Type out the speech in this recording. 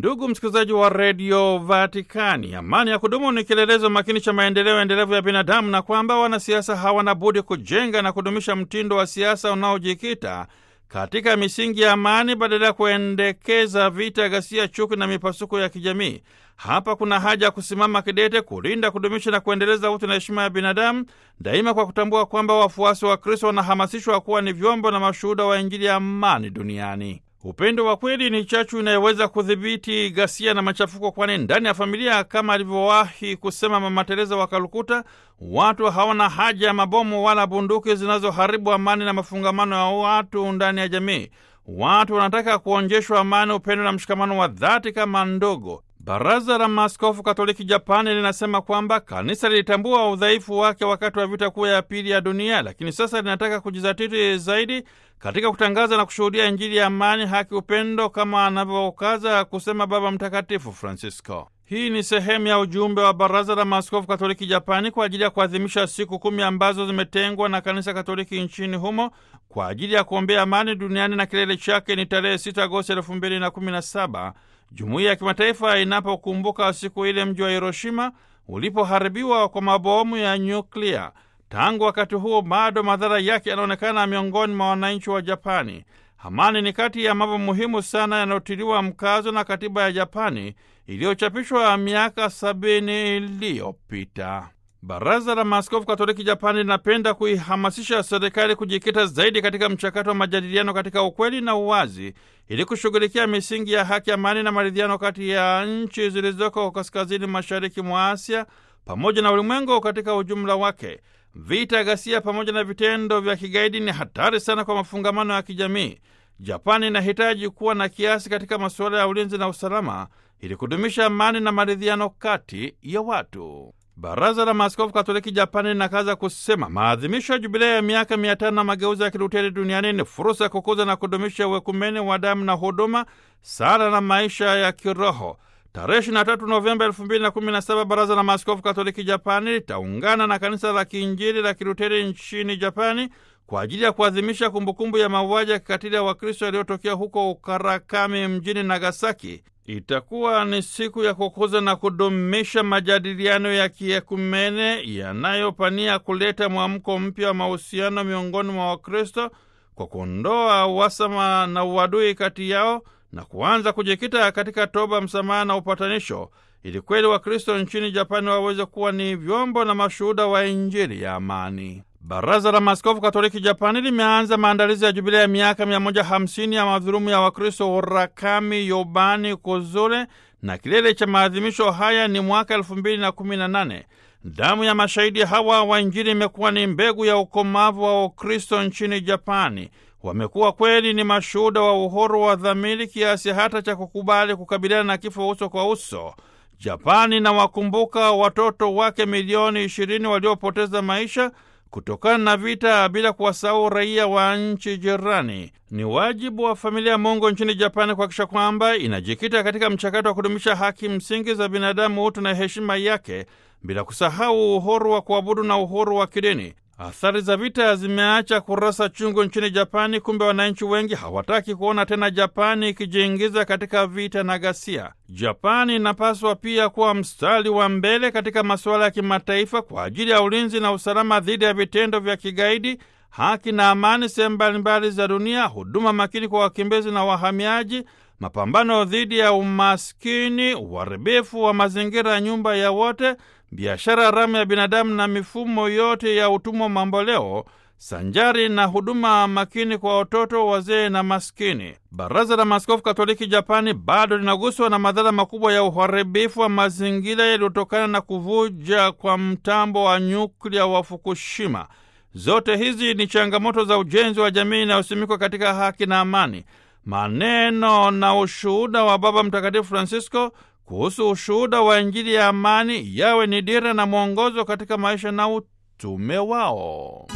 Ndugu msikilizaji wa redio Vatikani, amani ya kudumu ni kielelezo makini cha maendeleo endelevu ya binadamu, na kwamba wanasiasa hawana budi kujenga na kudumisha mtindo wa siasa unaojikita katika misingi ya amani badala ya kuendekeza vita, ghasia, chuki na mipasuko ya kijamii. Hapa kuna haja ya kusimama kidete kulinda, kudumisha na kuendeleza utu na heshima ya binadamu daima, kwa kutambua kwamba wafuasi wa Kristo wanahamasishwa kuwa ni vyombo na mashuhuda wa Injili ya amani duniani. Upendo wa kweli ni chachu inayoweza kudhibiti ghasia na machafuko, kwani ndani ya familia, kama alivyowahi kusema Mama Tereza wa kalukuta watu hawana haja ya mabomu wala bunduki zinazoharibu amani na mafungamano ya watu ndani ya jamii. Watu wanataka kuonjeshwa amani, upendo na mshikamano wa dhati kama ndogo Baraza la Maaskofu Katoliki Japani linasema kwamba kanisa lilitambua udhaifu wake wakati wa vita kuu ya pili ya dunia, lakini sasa linataka kujizatiti zaidi katika kutangaza na kushuhudia Injili ya amani, haki, upendo, kama anavyokaza kusema Baba Mtakatifu Francisco. Hii ni sehemu ya ujumbe wa Baraza la Maaskofu Katoliki Japani kwa ajili ya kuadhimisha siku kumi ambazo zimetengwa na Kanisa Katoliki nchini humo kwa ajili ya kuombea amani duniani na kilele chake ni tarehe 6 Agosti 2017 jumuiya ya kimataifa inapokumbuka siku ile mji wa Hiroshima ulipoharibiwa kwa mabomu ya nyuklia. Tangu wakati huo bado madhara yake yanaonekana miongoni mwa wananchi wa Japani. Amani ni kati ya mambo muhimu sana yanayotiliwa mkazo na katiba ya Japani iliyochapishwa miaka sabini iliyopita. Baraza la Maaskofu Katoliki Japani linapenda kuihamasisha serikali kujikita zaidi katika mchakato wa majadiliano katika ukweli na uwazi ili kushughulikia misingi ya haki, amani na maridhiano kati ya nchi zilizoko kaskazini mashariki mwa Asia pamoja na ulimwengu katika ujumla wake. Vita, ghasia pamoja na vitendo vya kigaidi ni hatari sana kwa mafungamano ya kijamii. Japani inahitaji kuwa na kiasi katika masuala ya ulinzi na usalama ili kudumisha amani na maridhiano kati ya watu. Baraza la Maaskofu Katoliki Japani linakaza kusema maadhimisho ya jubilei ya miaka mia tano na mageuzi ya kiluteri duniani ni fursa ya kukuza na kudumisha uwekumene wa damu na huduma, sala na maisha ya kiroho Tarehe 23 Novemba 2017 baraza la maaskofu katoliki Japani litaungana na kanisa la kiinjili la kiruteri nchini Japani kwa ajili ya kuadhimisha kumbukumbu ya mauaji ya kikatili ya Wakristo yaliyotokea huko ukarakami mjini Nagasaki. Itakuwa ni siku ya kukuza na kudumisha majadiliano ya kiekumene yanayopania kuleta mwamko mpya wa mahusiano miongoni mwa Wakristo kwa kuondoa uhasama na uadui kati yao na kuanza kujikita katika toba, msamaha na upatanisho, ili kweli Wakristo nchini Japani waweze kuwa ni vyombo na mashuhuda wa Injili ya amani. Baraza la Maskofu Katoliki Japani limeanza maandalizi ya jubilia ya miaka 150 ya madhulumu ya Wakristo Urakami Yobani Kozule, na kilele cha maadhimisho haya ni mwaka 2018. Damu ya mashahidi hawa wa Injili imekuwa ni mbegu ya ukomavu wa Ukristo nchini Japani wamekuwa kweli ni mashuhuda wa uhuru wa dhamiri kiasi hata cha kukubali kukabiliana na kifo uso kwa uso. Japani inawakumbuka watoto wake milioni ishirini waliopoteza maisha kutokana na vita bila kuwasahau raia wa nchi jirani. Ni wajibu wa familia Mungu nchini Japani kuhakikisha kwamba inajikita katika mchakato wa kudumisha haki msingi za binadamu, utu na heshima yake, bila kusahau uhuru wa kuabudu na uhuru wa kidini. Athari za vita zimeacha kurasa chungu nchini Japani. Kumbe wananchi wengi hawataki kuona tena Japani ikijiingiza katika vita na ghasia. Japani inapaswa pia kuwa mstari wa mbele katika masuala ya kimataifa kwa ajili ya ulinzi na usalama dhidi ya vitendo vya kigaidi, haki na amani sehemu mbalimbali za dunia, huduma makini kwa wakimbizi na wahamiaji, mapambano dhidi ya umaskini, uharibifu wa mazingira ya nyumba ya wote biashara haramu ya binadamu na mifumo yote ya utumwa mamboleo sanjari na huduma makini kwa watoto, wazee na maskini. Baraza la maskofu Katoliki Japani bado linaguswa na madhara makubwa ya uharibifu wa mazingira yaliyotokana na kuvuja kwa mtambo wa nyuklia wa Fukushima. Zote hizi ni changamoto za ujenzi wa jamii inayosimikwa katika haki na amani. Maneno na ushuhuda wa Baba Mtakatifu Francisco kuhusu ushuhuda wa Injili ya amani yawe ni dira na mwongozo katika maisha na utume wao.